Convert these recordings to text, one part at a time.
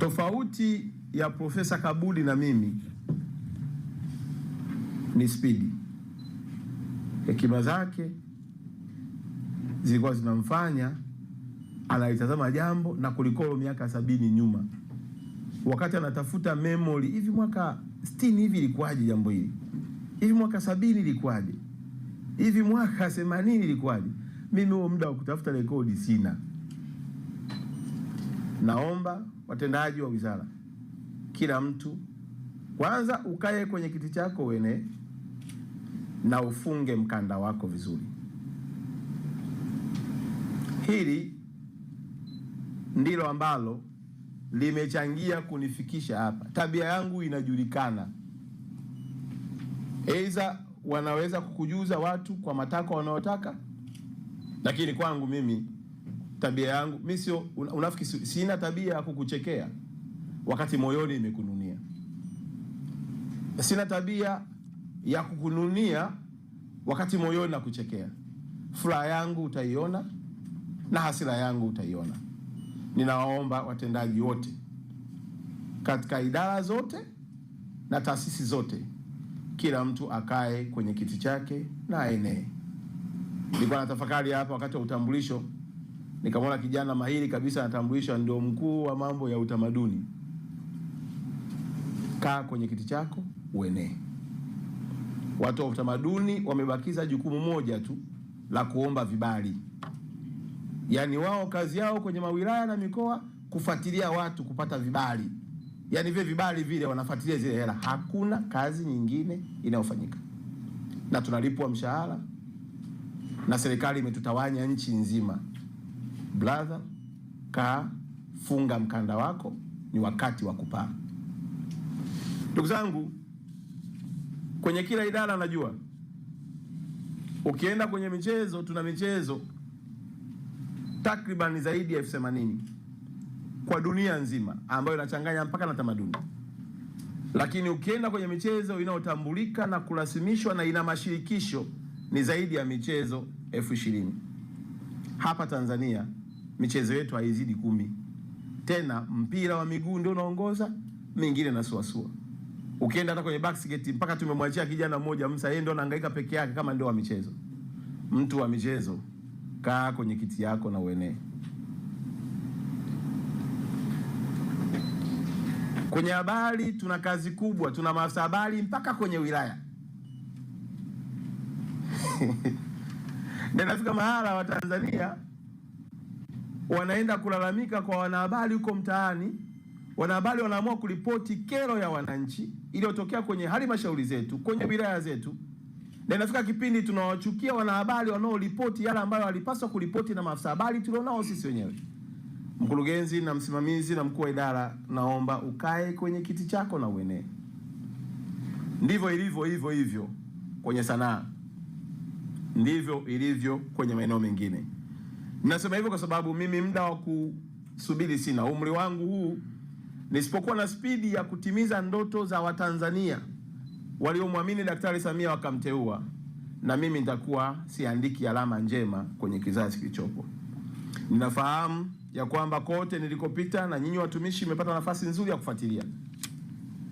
Tofauti ya Profesa Kabudi na mimi ni spidi. Hekima zake zilikuwa zinamfanya analitazama jambo na kulikolo miaka sabini nyuma, wakati anatafuta memory, hivi mwaka sitini hivi ilikuwaje jambo hili, hivi mwaka sabini ilikuwaje, hivi mwaka themanini ilikuwaje? Mimi huo muda wa kutafuta rekodi sina. Naomba watendaji wa wizara, kila mtu kwanza ukae kwenye kiti chako wene na ufunge mkanda wako vizuri. Hili ndilo ambalo limechangia kunifikisha hapa. Tabia yangu inajulikana, aidha wanaweza kukujuza watu kwa matakwa wanayotaka, lakini kwangu mimi tabia yangu mimi sio unafiki, sina tabia ya kukuchekea wakati moyoni imekununia. Sina tabia ya kukununia wakati moyoni nakuchekea. Furaha yangu utaiona na hasira yangu utaiona. Ninawaomba watendaji wote katika idara zote na taasisi zote, kila mtu akae kwenye kiti chake na aenee. Nilikuwa tafakari hapa wakati wa utambulisho nikamwona kijana mahiri kabisa anatambulishwa ndio mkuu wa mambo ya utamaduni. Kaa kwenye kiti chako uenee. Watu wa utamaduni wamebakiza jukumu moja tu la kuomba vibali, yaani wao kazi yao kwenye mawilaya na mikoa kufuatilia watu kupata vibali, yaani vile vibali vile wanafuatilia zile hela. Hakuna kazi nyingine inayofanyika, na tunalipwa mshahara na serikali imetutawanya nchi nzima. Brother, kaa, funga mkanda wako, ni wakati wa kupaa. Ndugu zangu, kwenye kila idara najua ukienda kwenye michezo, tuna michezo takriban zaidi ya elfu themanini kwa dunia nzima, ambayo inachanganya mpaka na tamaduni. Lakini ukienda kwenye michezo inayotambulika na kurasimishwa na ina mashirikisho ni zaidi ya michezo elfu ishirini hapa Tanzania michezo yetu haizidi kumi. Tena mpira wa miguu ndio unaongoza, mingine nasuasua. Ukienda hata kwenye basket mpaka tumemwachia kijana mmoja Musa, yeye ndio anahangaika peke yake kama ndio wa michezo. Mtu wa michezo, kaa kwenye kiti yako na uenee. Kwenye habari tuna kazi kubwa, tuna maafisa habari mpaka kwenye wilaya ndio nafika mahala Watanzania wanaenda kulalamika kwa wanahabari huko mtaani. Wanahabari wanaamua kuripoti kero ya wananchi iliyotokea kwenye halmashauri zetu, kwenye wilaya zetu, na inafika kipindi tunawachukia wanahabari wanaoripoti yale ambayo walipaswa kuripoti na maafisa habari tulionao sisi wenyewe. Mkurugenzi na msimamizi na mkuu wa idara, naomba ukae kwenye kiti chako na uenee. Ndivyo ilivyo hivyo hivyo kwenye sanaa, ndivyo ilivyo kwenye maeneo mengine. Nasema hivyo kwa sababu mimi muda wa kusubiri sina. Umri wangu huu, nisipokuwa na spidi ya kutimiza ndoto za Watanzania waliomwamini Daktari Samia wakamteua, na mimi nitakuwa siandiki alama njema kwenye kizazi kilichopo. Ninafahamu ya kwamba kote nilikopita, na nyinyi watumishi mmepata nafasi nzuri ya kufuatilia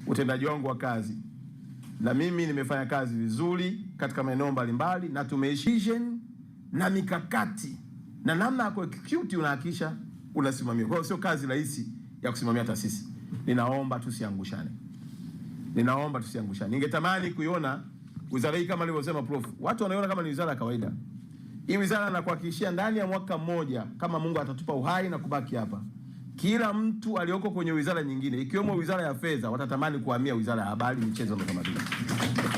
utendaji wangu wa kazi, na mimi nimefanya kazi vizuri katika maeneo mbalimbali, na tumeishije na mikakati na namna ya kuexecute unahakisha unasimamia. Kwa hiyo sio kazi rahisi ya kusimamia taasisi. Ninaomba tusiangushane, ninaomba tusiangushane. Ningetamani kuiona wizara hii kama alivyosema Prof, watu wanaiona kama ni wizara ya kawaida. Hii wizara nakuhakikishia, ndani ya mwaka mmoja, kama Mungu atatupa uhai na kubaki hapa, kila mtu alioko kwenye wizara nyingine ikiwemo wizara ya fedha watatamani kuhamia wizara ya habari, michezo na utamaduni.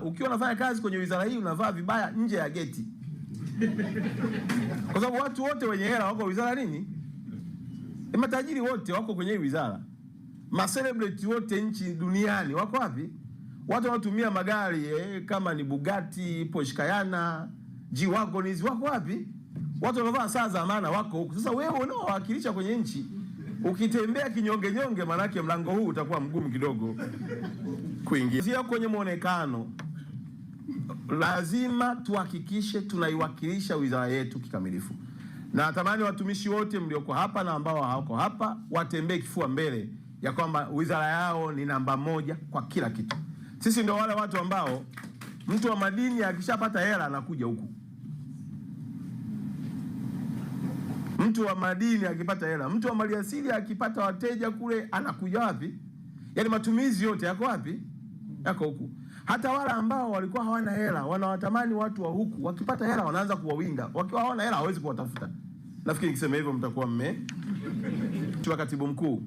Ukiwa unafanya kazi kwenye wizara hii unavaa vibaya nje ya geti kwa sababu watu wote wenye hela wako wizara nini? E, matajiri wote wako kwenye hii wizara, maselebrity wote nchi duniani wako wapi? Watu wanaotumia magari eh, kama ni Bugatti, Porsche Cayenne, G-Wagon wako wapi? Watu wanavaa saa za maana wako huko. Sasa wewe unaowakilisha kwenye nchi ukitembea kinyonge nyonge, manake mlango huu utakuwa mgumu kidogo kuingia. Sio kwenye muonekano lazima tuhakikishe tunaiwakilisha wizara yetu kikamilifu. Na natamani watumishi wote mlioko hapa na ambao hawako hapa watembee kifua mbele ya kwamba wizara yao ni namba moja kwa kila kitu. Sisi ndio wale watu ambao mtu wa madini akishapata hela anakuja huku, mtu wa madini akipata hela, mtu wa maliasili akipata wateja kule anakuja wapi? Yaani matumizi yote yako wapi? Yako huku hata wale ambao walikuwa hawana hela wanawatamani watu wa huku, wakipata hela wanaanza kuwawinda, wakiwa hawana hela hawezi kuwatafuta. Nafikiri nikisema hivyo mtakuwa mme Mheshimiwa Katibu Mkuu,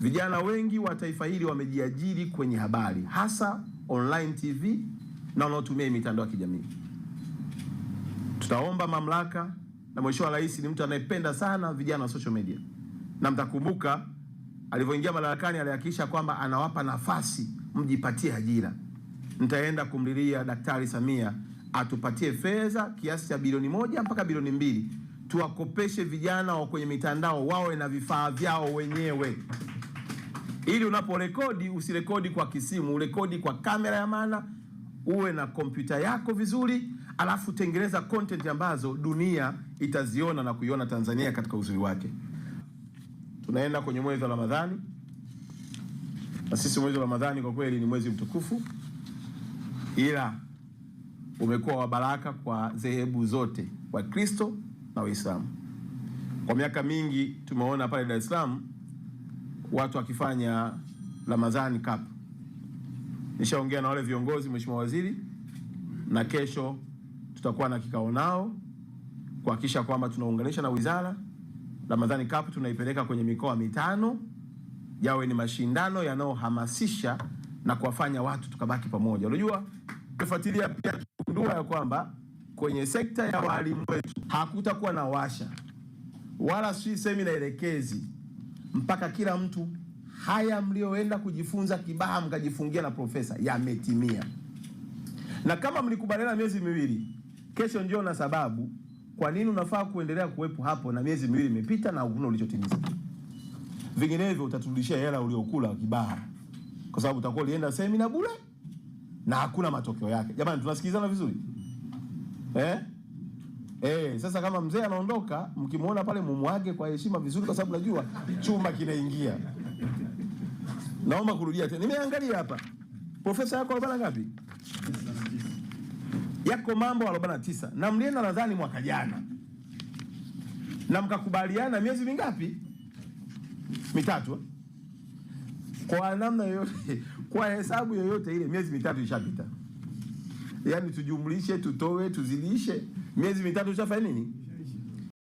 vijana wengi wa taifa hili wamejiajiri kwenye habari, hasa online TV na wanaotumia mitandao ya kijamii. Tutaomba mamlaka, na Mheshimiwa Rais ni mtu anayependa sana vijana wa social media, na mtakumbuka alivyoingia madarakani alihakikisha kwamba anawapa nafasi mjipatie ajira nitaenda kumlilia Daktari Samia atupatie fedha kiasi cha bilioni moja mpaka bilioni mbili tuwakopeshe vijana wa kwenye mitandao wawe na vifaa vyao wenyewe, ili unaporekodi usirekodi kwa kisimu, urekodi kwa kamera ya maana, uwe na kompyuta yako vizuri, alafu tengeneza content ambazo dunia itaziona na kuiona Tanzania katika uzuri wake. Tunaenda kwenye mwezi wa Ramadhani na sisi mwezi wa Ramadhani kwa kweli ni mwezi mtukufu ila umekuwa wa baraka kwa dhehebu zote, Wakristo na Waislamu. Kwa miaka mingi tumeona pale Dar es Salaam watu wakifanya Ramadhani Cup. Nishaongea na wale viongozi, Mheshimiwa Waziri, na kesho tutakuwa na kikao nao kuhakikisha kwamba tunaunganisha na wizara. Ramadhani Cup tunaipeleka kwenye mikoa mitano, yawe ni mashindano yanayohamasisha na kuwafanya watu tukabaki pamoja. Unajua, tufuatilia pia kugundua ya kwamba kwenye sekta ya walimu wetu hakutakuwa na washa wala si semina elekezi mpaka kila mtu haya mlioenda kujifunza Kibaha mkajifungia na profesa yametimia. Na kama mlikubaliana miezi miwili, kesho ndio na sababu kwa nini unafaa kuendelea kuwepo hapo, na miezi miwili imepita na huna ulichotimiza. Vinginevyo utaturudishia hela uliokula Kibaha kwa sababu utakuwa ulienda semina bure na hakuna matokeo yake. Jamani, tunasikilizana vizuri eh? Eh, sasa kama mzee anaondoka, mkimwona pale mumwage kwa heshima vizuri, kwa sababu najua chuma kinaingia. Naomba kurudia tena, nimeangalia hapa profesa yako arobaini ngapi? Yako mambo arobaini na tisa na mlienda nadhani mwaka jana na mkakubaliana miezi mingapi? Mitatu kwa namna yoyote, kwa hesabu yoyote ile, miezi mitatu ishapita. Yaani tujumlishe, tutoe, tuzidishe, miezi mitatu ishafanya nini?